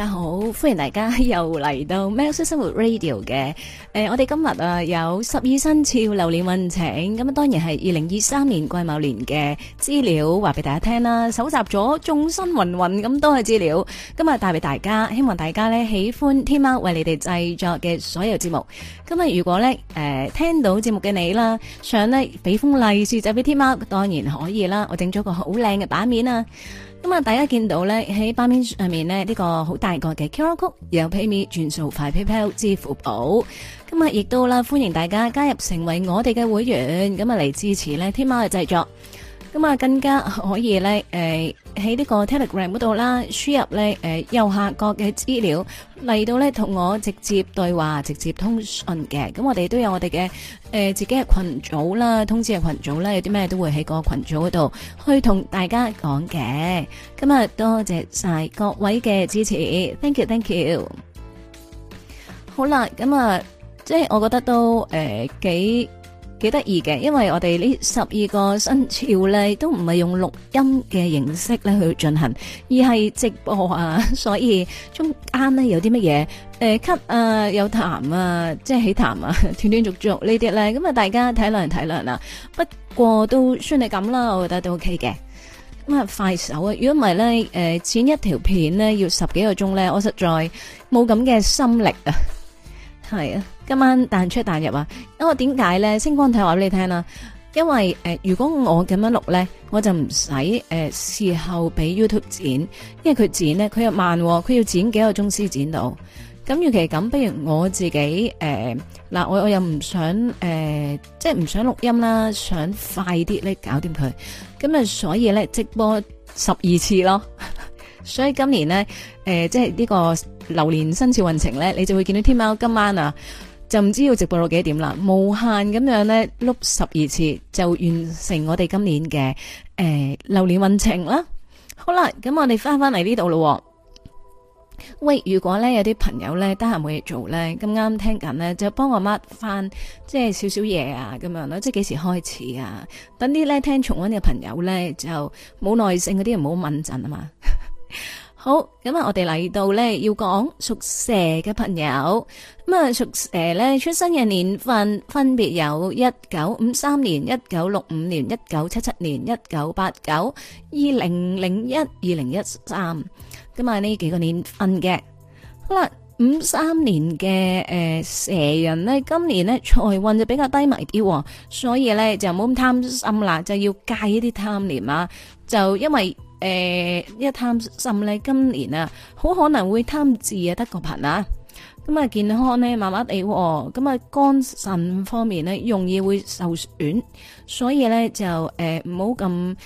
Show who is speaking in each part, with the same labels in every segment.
Speaker 1: 大家好，歡迎大家又嚟到《喵式生活 Radio》嘅。誒，我哋今日啊有十二生肖流年運程，咁啊當然係二零二三年癸卯年嘅資料，話俾大家聽啦。搜集咗眾生云云咁多嘅資料，今日帶俾大家，希望大家呢喜歡天喵為你哋製作嘅所有節目。今日如果呢誒、呃、聽到節目嘅你啦，想咧俾封利是就俾天喵，當然可以啦。我整咗個好靚嘅版面啊！大家見到咧，喺版面上面咧，呢個好大個嘅 QR Code，有 PayMe、轉數快、PayPal 支付寶。今日亦都啦，歡迎大家加入成為我哋嘅會員，咁啊嚟支持咧天貓嘅製作。咁啊，更加可以咧，誒喺呢個 Telegram 嗰度啦，輸入咧，誒右下角嘅資料嚟到咧，同我直接對話，直接通訊嘅。咁我哋都有我哋嘅，誒自己嘅群組啦，通知嘅群組啦，有啲咩都會喺個群組嗰度去同大家講嘅。咁啊，多謝晒各位嘅支持，thank you，thank you thank you。好啦，咁啊，即係我覺得都誒幾。呃幾得意嘅，因為我哋呢十二個新潮咧，都唔係用錄音嘅形式咧去進行，而係直播啊，所以中間咧有啲乜嘢誒吸啊，有痰啊，即係起痰啊，斷斷續續呢啲咧，咁啊大家體諒體諒啦。不過都算係咁啦，我覺得都 OK 嘅。咁啊快手啊，如果唔係咧，誒、呃、剪一條片咧要十幾個鐘咧，我實在冇咁嘅心力啊。係啊，今晚彈出彈入啊！因為點解咧？星光睇話俾你聽啦，因為、呃、如果我咁樣錄咧，我就唔使誒，事後俾 YouTube 剪，因為佢剪咧，佢又慢，佢要剪幾個鐘先剪到。咁與其咁，不如我自己誒嗱、呃，我我又唔想誒、呃，即係唔想錄音啦，想快啲咧搞掂佢。咁啊，所以咧直播十二次咯。 所以今年咧誒、呃，即係、這、呢個。流年生肖運程咧，你就會見到天貓今晚啊，就唔知要直播到幾點啦，無限咁樣咧，碌十二次就完成我哋今年嘅誒流年運程啦。好啦，咁我哋翻翻嚟呢度咯。喂，如果咧有啲朋友咧得閒冇嘢做咧，咁啱聽緊咧，就幫我 mark 翻，即係少少嘢啊咁樣咯。即係幾時開始啊？等啲咧聽重溫嘅朋友咧就冇耐性嗰啲，唔好問陣啊嘛。 好，咁啊，我哋嚟到呢，要講屬蛇嘅朋友，咁啊屬蛇呢，出生嘅年份分別有一九五三年、一九六五年、一九七七年、一九八九、二零零一、二零一三，咁啊呢幾個年份嘅，好、嗯、啦，五三年嘅誒、呃、蛇人呢，今年呢，財運就比較低迷啲，所以呢，就冇咁貪心啦，就要戒一啲貪念啦，就因為。誒、呃，一探腎咧，今年啊，好可能會貪字啊得個貧啊，咁啊健康呢，麻麻地，咁啊肝腎方面呢，容易會受損，所以咧就誒唔好咁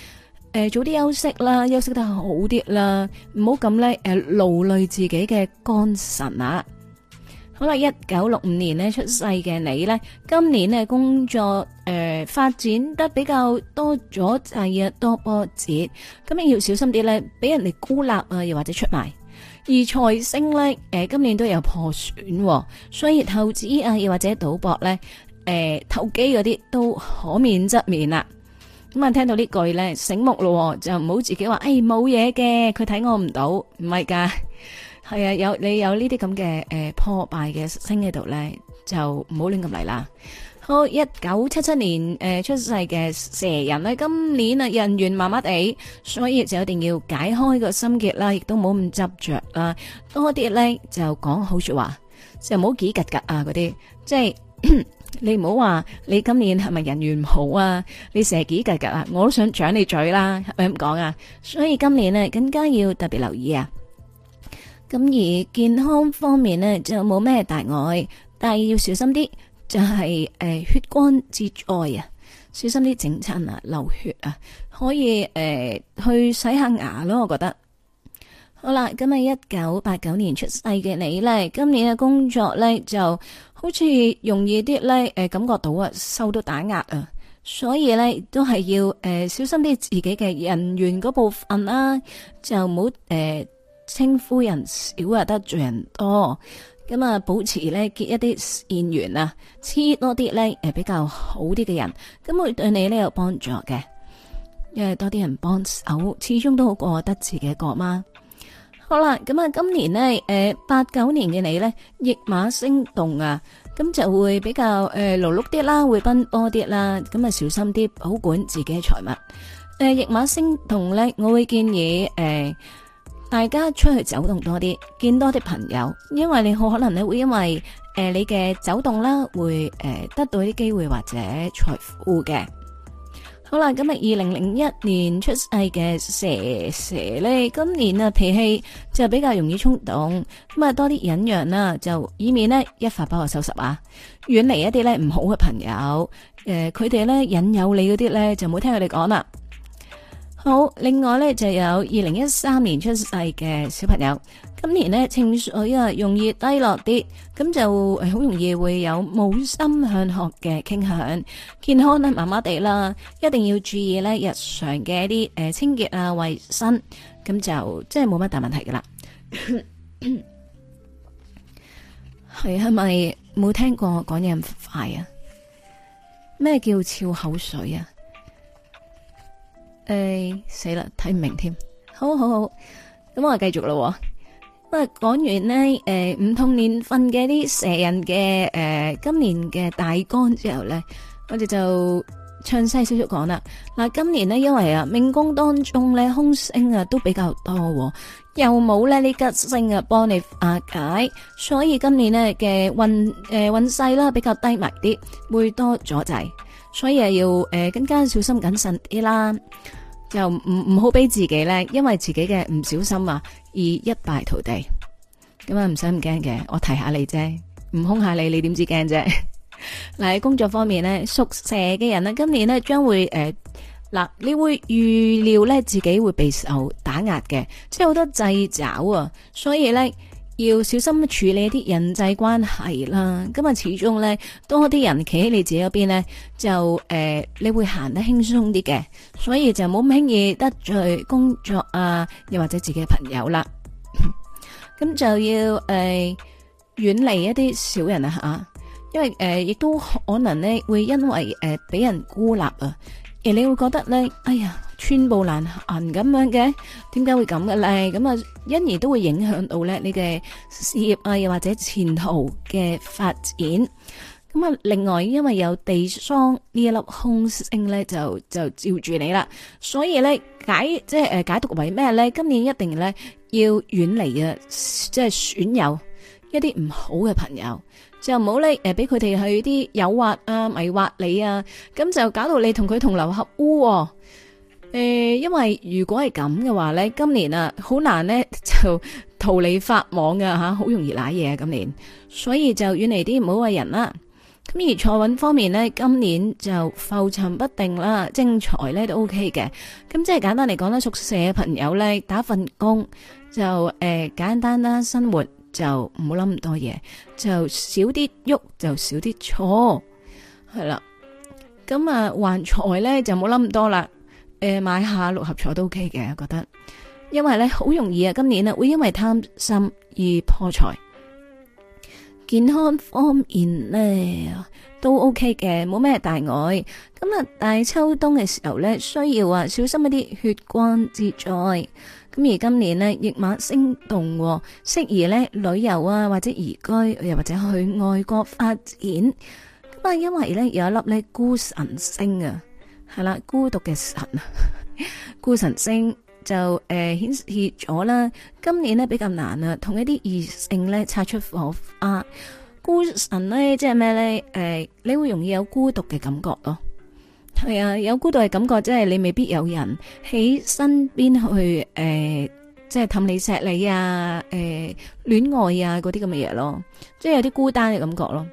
Speaker 1: 誒早啲休息啦，休息得好啲啦，唔好咁咧誒勞累自己嘅肝腎啊。好啦，一九六五年呢出世嘅你呢，今年呢工作誒、呃、發展得比較多咗，就二多波折，咁你要小心啲咧，俾人哋孤立啊，又或者出賣。而財星咧，誒、呃、今年都有破損、啊，所以投資啊，又或者賭博咧，誒、呃、投機嗰啲都可免則免啦、啊。咁、嗯、啊，聽到句呢句咧，醒目咯，就唔好自己話，哎冇嘢嘅，佢睇我唔到，唔係噶。係啊，有你有呢啲咁嘅誒破敗嘅星喺度咧，就唔好亂咁嚟啦。好，一九七七年誒、呃、出世嘅蛇人咧，今年啊人緣麻麻地，所以就一定要解開個心結啦，亦都唔好咁執着啦。多啲咧就講好說話，就唔好幾格格啊嗰啲。即係 你唔好話你今年係咪人緣唔好啊？你蛇幾格格啊？我都想掌你嘴啦，係咪咁講啊？所以今年呢，更加要特別留意啊！咁而健康方面呢，就冇咩大礙，但係要小心啲，就係、是、誒、呃、血光之災啊！小心啲整親啊，流血啊，可以誒、呃、去洗下牙咯，我覺得。好啦，咁啊，一九八九年出世嘅你呢，今年嘅工作呢，就好似容易啲呢誒、呃、感覺到啊，受到打壓啊，所以呢，都係要誒、呃、小心啲自己嘅人員嗰部分啦、啊，就唔好誒。呃稱呼人少啊，得罪人多，咁啊保持呢，結一啲善緣啊，黐多啲呢，誒比較好啲嘅人，咁會對你呢有幫助嘅，因為多啲人幫手，始終都好過得自己一個嘛。好啦，咁啊今年呢，誒八九年嘅你呢，驛馬星動啊，咁就會比較誒勞碌啲啦，會奔波啲啦，咁啊小心啲保管自己嘅財物。誒驛馬星動呢，我會建議誒。呃大家出去走動多啲，見多啲朋友，因為你好可能你會因為誒、呃、你嘅走動啦，會、呃、誒得到啲機會或者財富嘅。好啦，今日二零零一年出世嘅蛇蛇咧，今年啊脾氣就比較容易衝動，咁啊多啲忍讓啦，就以免呢一發不可收拾啊，遠離一啲咧唔好嘅朋友，誒佢哋咧引誘你嗰啲咧就唔好聽佢哋講啦。好，另外呢就有二零一三年出世嘅小朋友，今年呢，情緒啊容易低落啲，咁就好容易會有冇心向學嘅傾向，健康呢麻麻地啦，一定要注意呢日常嘅一啲誒、呃、清潔啊衛生，咁就即係冇乜大問題噶啦。係咪冇聽過我講嘢咁快啊？咩叫超口水啊？誒，死啦，睇唔明添。好好好，咁我繼續咯。咁啊，講完咧，誒，唔同年份嘅啲蛇人嘅，誒，今年嘅大綱之後咧，我哋就詳細少少講啦。嗱，今年咧，因為啊，命宮當中咧，空星啊都比較多，又冇咧啲吉星啊幫你化解，所以今年咧嘅運，誒，運勢啦比較低迷啲，會多阻滯。所以啊，要、呃、誒更加小心謹慎啲啦，又唔唔好俾自己咧，因為自己嘅唔小心啊而一敗塗地。咁啊，唔使唔驚嘅，我提下你啫，唔空下你，你點知驚啫？嗱、 呃，喺工作方面咧，屬蛇嘅人咧，今年咧將會誒嗱、呃，你會預料咧自己會備受打壓嘅，即係好多掣肘啊，所以咧。要小心處理一啲人際關係啦，咁啊始終咧多啲人企喺你自己嗰邊咧，就誒、呃、你會行得輕鬆啲嘅，所以就冇咁輕易得罪工作啊，又或者自己嘅朋友啦。咁 就要誒遠離一啲小人啊吓，因為誒亦、呃、都可能咧會因為誒俾、呃、人孤立啊，而你會覺得咧哎呀。寸步難行咁樣嘅，點解會咁嘅咧？咁啊，因而都會影響到咧你嘅事業啊，又或者前途嘅發展。咁啊，另外因為有地喪呢一粒凶星咧，就就照住你啦。所以咧解即係誒解讀為咩咧？今年一定咧要遠離啊，即係損友一啲唔好嘅朋友，就唔好咧誒俾佢哋去啲誘惑啊、迷惑你啊，咁就搞到你同佢同流合污，啊。誒，因為如果係咁嘅話呢，今年啊好難呢就逃離法網㗎，吓，好容易賴嘢啊！今年，所以就遠離啲唔好嘅人啦。咁而財運方面呢，今年就浮沉不定啦，正財呢都 O K 嘅。咁即係簡單嚟講呢，屬蛇嘅朋友呢，打份工就誒、呃、簡單啦，生活就唔好諗咁多嘢，就少啲郁就少啲錯，係啦。咁啊，還財呢，就冇諗咁多啦。誒，買下六合彩都 OK 嘅，我覺得，因為咧好容易啊，今年咧會因為貪心而破財。健康方面呢都 OK 嘅，冇咩大礙。咁啊大秋冬嘅時候呢，需要啊小心一啲血光之災。咁而今年呢，驛馬星動，適宜呢旅遊啊，或者移居，又或者去外國發展。咁啊，因為呢有一粒呢孤神星啊。係啦，孤獨嘅神，孤神星就誒顯示咗啦。今年呢比較難啊，同一啲異性咧擦出火花。孤神咧即係咩咧？誒、呃，你會容易有孤獨嘅感覺咯、哦。係啊，有孤獨嘅感覺，即係你未必有人喺身邊去誒。呃即係氹你錫你啊！誒、欸，戀愛啊嗰啲咁嘅嘢咯，即係有啲孤單嘅感覺咯。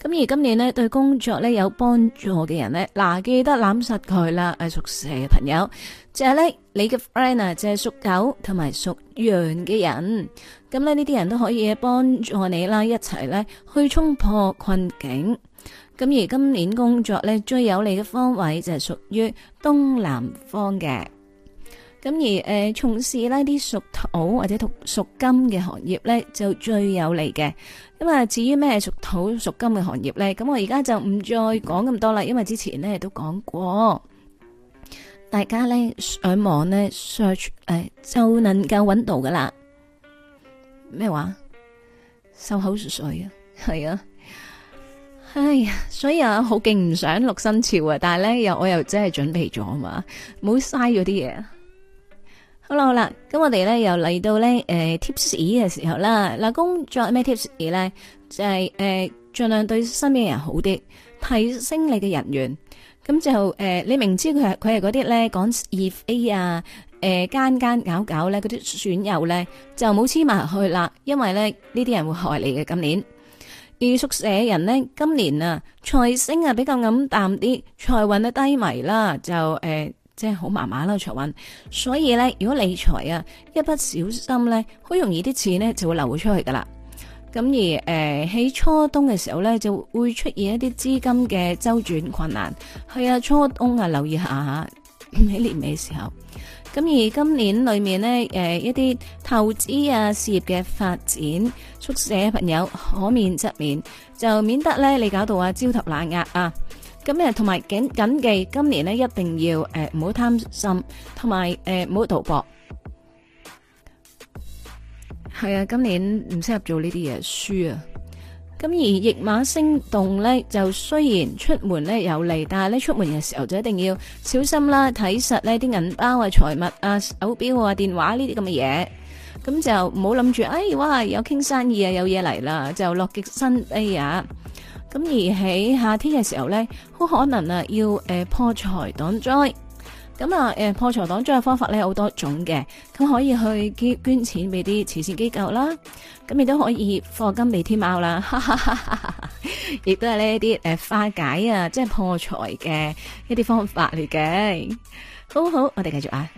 Speaker 1: 咁而今年呢對工作呢有幫助嘅人呢，嗱記得攬實佢啦！屬蛇嘅朋友，即係呢你嘅 friend 啊，即係屬狗同埋屬羊嘅人，咁呢呢啲人都可以幫助你啦，一齊呢去衝破困境。咁而今年工作呢最有利嘅方位就係屬於東南方嘅。咁而誒、呃，從事呢啲屬土或者屬金嘅行業咧，就最有利嘅。咁啊，至於咩屬土屬金嘅行業咧，咁我而家就唔再講咁多啦，因為之前咧都講過，大家咧上網咧 search、呃、就能夠揾到噶啦。咩話？收口水碎啊，係啊，唉呀，所以啊，好勁唔想錄新潮啊，但係咧又我又真係準備咗啊嘛，唔好嘥咗啲嘢。好啦好啦，咁我哋咧又嚟到咧誒 tips 嘅時候啦，嗱工作咩 tips 咧就係誒盡量對身邊嘅人好啲，提升你嘅人緣。咁就誒、呃、你明知佢係佢係嗰啲咧講 if a 啊，誒奸奸狡狡咧嗰啲損友咧就冇黐埋去啦，因為咧呢啲人會害你嘅。今年而屬蛇嘅人呢，今年啊財星啊比較暗淡啲，財運都低迷啦，就誒。呃即係好麻麻啦，財運。所以咧，如果理財啊，一不小心咧，好容易啲錢咧就會流出去噶啦。咁而誒喺、呃、初冬嘅時候咧，就會出現一啲資金嘅周轉困難。係啊，初冬啊，留意下吓喺 年尾時候。咁而今年裏面呢，誒、呃、一啲投資啊事業嘅發展，宿舍朋友可免則免，就免得咧你搞到啊焦頭爛額啊！咁同埋謹謹記，今年呢一定要誒唔好貪心，同埋誒唔好賭博。係啊，今年唔適合做呢啲嘢，輸啊！咁而驛馬星動呢，就雖然出門呢有利，但係呢出門嘅時候就一定要小心啦，睇實呢啲銀包啊、財物啊、手表啊、電話呢啲咁嘅嘢，咁就唔好諗住，哎哇，有傾生意啊，有嘢嚟啦，就落極身哎呀！咁而喺夏天嘅時候咧，好可能啊要誒、呃、破財擋災。咁啊誒破財擋災嘅方法咧，好多種嘅。咁可以去捐錢俾啲慈善機構啦。咁亦都可以課金俾天喵啦。亦哈哈哈哈都係呢一啲誒化解啊，即係破財嘅一啲方法嚟嘅。好好，我哋繼續啊。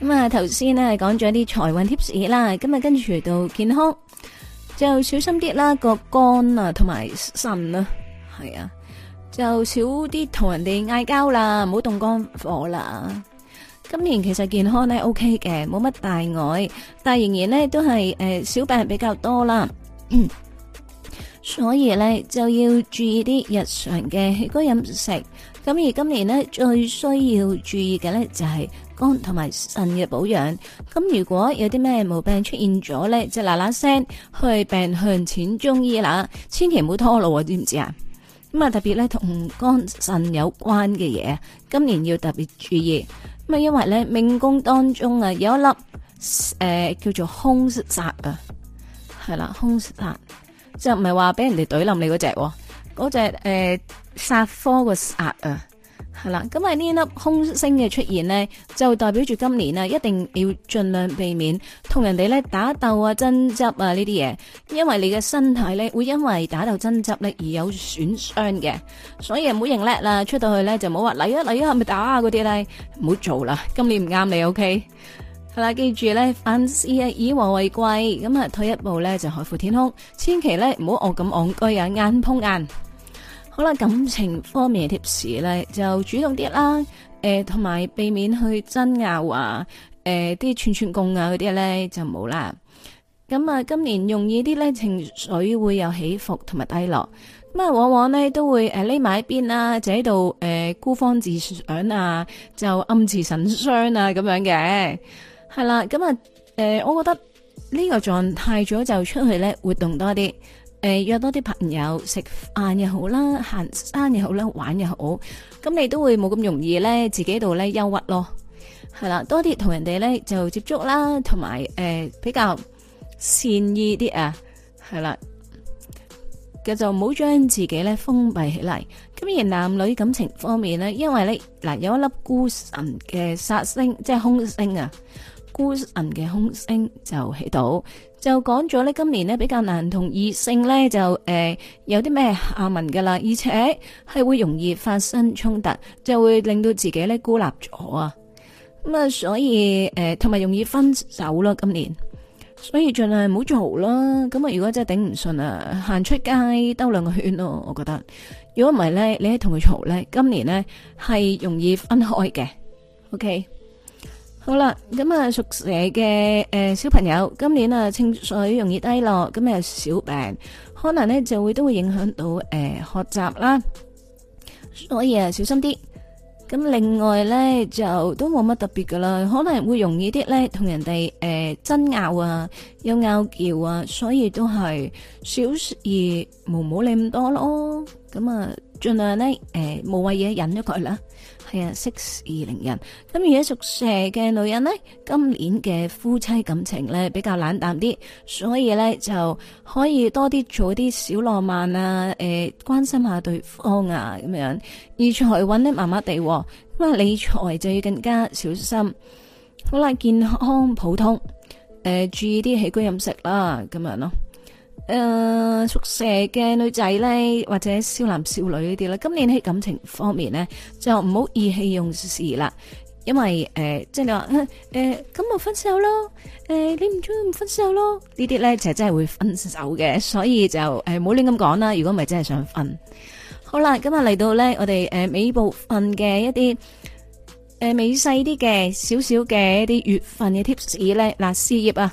Speaker 1: 咁啊，頭先呢講咗啲財運貼士啦。今日跟住到健康。就小心啲啦，個肝啊同埋腎呀，係啊，就少啲同人哋嗌交啦，唔好動肝火啦。今年其實健康咧 OK 嘅，冇乜大礙，但係仍然咧都係誒小病比較多啦。所以咧就要注意啲日常嘅起居飲食。咁而今年咧最需要注意嘅咧就係，同埋腎嘅保養，咁如果有啲咩毛病出現咗咧，就嗱嗱聲去病向淺中醫啦，千祈唔好拖咯，知唔知啊？咁啊，特別咧同肝腎有關嘅嘢，今年要特別注意，咁啊，因為咧命宮當中啊有一粒誒、呃、叫做色煞啊，係啦，凶煞，就唔係話俾人哋懟冧你嗰隻，嗰隻誒煞科個煞啊。係啦，咁係呢粒空星嘅出現呢，就代表住今年啊，一定要盡量避免同人哋咧打鬥啊、爭執啊呢啲嘢，因為你嘅身體咧會因為打鬥、爭執咧而有損傷嘅，所以唔好認叻啦，出到去咧就唔好話嚟啊嚟啊係咪打啊嗰啲咧，唔好做啦，今年唔啱你，O K，係啦，OK？記住咧，凡事啊以和為貴，咁啊退一步咧就海闊天空，千祈咧唔好惡咁戇居啊，硬碰硬。好啦，感情方面嘅貼士呢咧，就主動啲啦，誒、呃，同埋避免去爭拗啊，誒、呃，啲串串供啊嗰啲咧就冇啦。咁啊，今年容易啲咧，情緒會有起伏同埋低落，咁、呃、啊，往往咧都會誒匿埋一邊啊，就喺度誒孤芳自賞啊，就暗自神傷啊咁樣嘅，係啦。咁啊，誒，我覺得呢個狀態咗就出去咧活動多啲。誒，約多啲朋友食飯又好啦，行山又好啦，玩又好，咁你都會冇咁容易咧，自己度咧憂鬱咯，係啦，多啲同人哋咧就接觸啦，同埋誒比較善意啲啊，係啦，嘅就唔好將自己咧封閉起嚟。咁而男女感情方面咧，因為咧嗱有一粒孤神嘅煞星，即係空星啊，孤神嘅空星就喺度。就講咗咧，今年咧比較難同異性咧就誒、呃、有啲咩下文噶啦，而且係會容易發生衝突，就會令到自己咧孤立咗啊。咁、嗯、啊，所以誒同埋容易分手囉，今年，所以盡量唔好嘈啦。咁啊，如果真係頂唔順啊，行出街兜兩個圈咯，我覺得。如果唔係咧，你同佢嘈咧，今年咧係容易分開嘅。OK。好啦，咁啊，屬蛇嘅誒小朋友，今年啊，情緒容易低落，咁啊，小病可能咧就會都會影響到誒學習啦，所以啊，小心啲。咁另外咧就都冇乜特別噶啦，可能會容易啲咧同人哋誒爭拗啊，又拗撬啊，所以都係小事而唔好理咁多咯。咁啊，盡量呢，誒、呃，無謂嘢忍咗佢啦。係啊，息事寧人。咁而家屬蛇嘅女人呢，今年嘅夫妻感情呢，比較冷淡啲，所以呢，就可以多啲做啲小浪漫啊，誒、呃，關心下對方啊，咁樣。而財運呢，麻麻地，咁啊理財就要更加小心。好啦，健康普通，誒、呃，注意啲起居飲食啦，咁樣咯。誒，宿舍嘅女仔咧，或者少男少女呢啲啦，今年喺感情方面咧，就唔好意氣用事啦。因為誒，即係你話誒，咁就分手咯，誒，你唔中意唔分手咯？呢啲咧就真係會分手嘅，所以就誒，唔好亂咁講啦。如果唔係，真係想分。好啦，咁呀嚟到咧，我哋誒尾部分嘅一啲誒微細啲嘅少少嘅一啲月份嘅 tips 咧，嗱事業啊。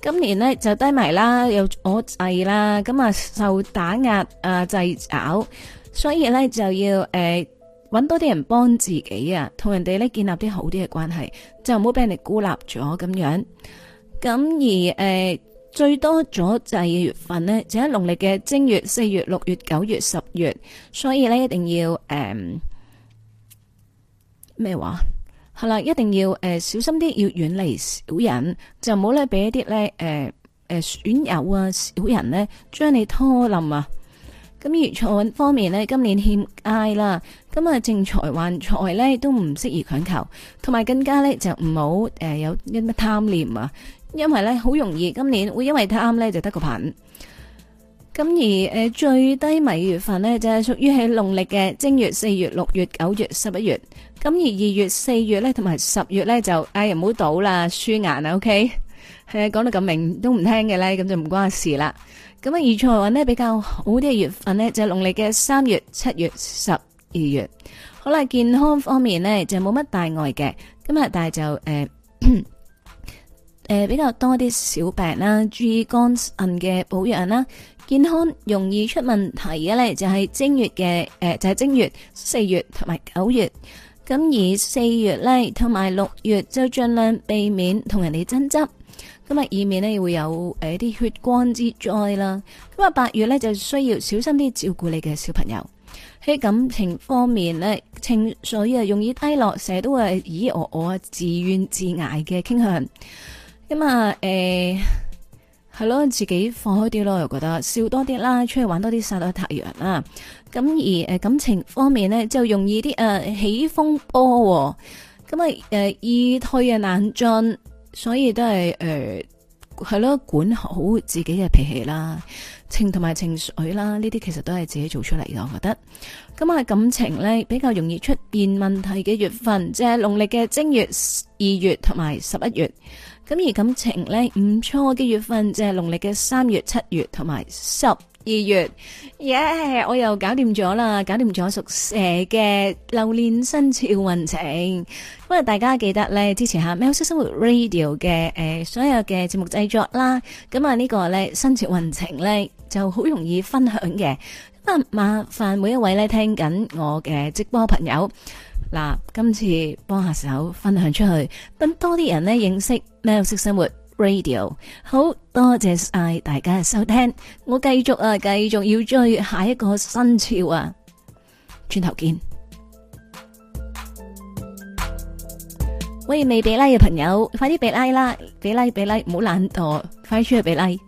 Speaker 1: 今年咧就低迷啦，又阻滯啦，咁啊受打壓啊滯咬，所以咧就要誒搵、呃、多啲人幫自己啊，同人哋咧建立啲好啲嘅關係，就唔好俾人哋孤立咗咁樣。咁而誒、呃、最多阻滯嘅月份呢，就喺農曆嘅正月、四月、六月、九月、十月，所以咧一定要誒咩、呃、話？係啦，一定要誒、呃、小心啲，要遠離小人，就唔好咧俾一啲咧誒誒損友啊小人呢將你拖冧啊！咁而財運方面呢，今年欠挨啦，咁啊正財還財咧都唔適宜強求，同埋更加咧就唔好誒有一啲貪念啊，因為咧好容易今年會因為貪咧就得個貧。咁而誒最低迷月份呢，就係、是、屬於係農曆嘅正月、四月、六月、九月、十一月。咁而二月、四月咧同埋十月咧就誒唔好賭啦，輸硬啊！OK，誒講到咁明都唔聽嘅咧，咁就唔關我事啦。咁啊，再財運咧比較好啲嘅月份呢，就係農曆嘅三月、七月、十二月。好啦，健康方面呢，就冇乜大礙嘅，咁啊但係就誒誒、呃 呃、比較多啲小病啦，注意肝腎嘅保養啦。健康容易出問題嘅咧，就係、是、正月嘅，誒、呃、就係、是、正月、四月同埋九月。咁而四月咧同埋六月就盡量避免同人哋爭執，咁啊以免呢會有誒啲血光之災啦。咁啊八月呢，就需要小心啲照顧你嘅小朋友。喺感情方面呢，情緒啊容易低落，成日都會依依我我啊，自怨自艾嘅傾向。咁啊誒。欸係咯，自己放開啲咯，又覺得笑多啲啦，出去玩多啲曬到太陽啦。咁而誒感情方面咧，就容易啲誒、呃、起風波、哦，咁啊誒易退啊難進，所以都係誒。呃係咯，管好自己嘅脾氣啦，情同埋情緒啦，呢啲其實都係自己做出嚟嘅。我覺得，咁啊感情呢，比較容易出現問題嘅月份，即係農曆嘅正月、二月同埋十一月。咁而感情呢唔錯嘅月份，即係農曆嘅三月、七月同埋十。二月，耶、yeah！我又搞掂咗啦，搞掂咗屬蛇嘅流年生肖運程。不過大家記得咧，支持下喵式生活 Radio 嘅誒，所有嘅節目製作啦。咁啊呢個咧生肖運程咧就好容易分享嘅。咁啊麻煩每一位咧聽緊我嘅直播朋友，嗱今次幫下手分享出去，等多啲人咧認識喵式生活 Radio，好多謝晒大家嘅收聽，我繼續啊，繼續要追下一個新潮啊，轉頭見。喂，未俾拉嘅朋友，快啲俾拉啦，俾拉俾拉，唔好懶惰，快脆出去俾拉。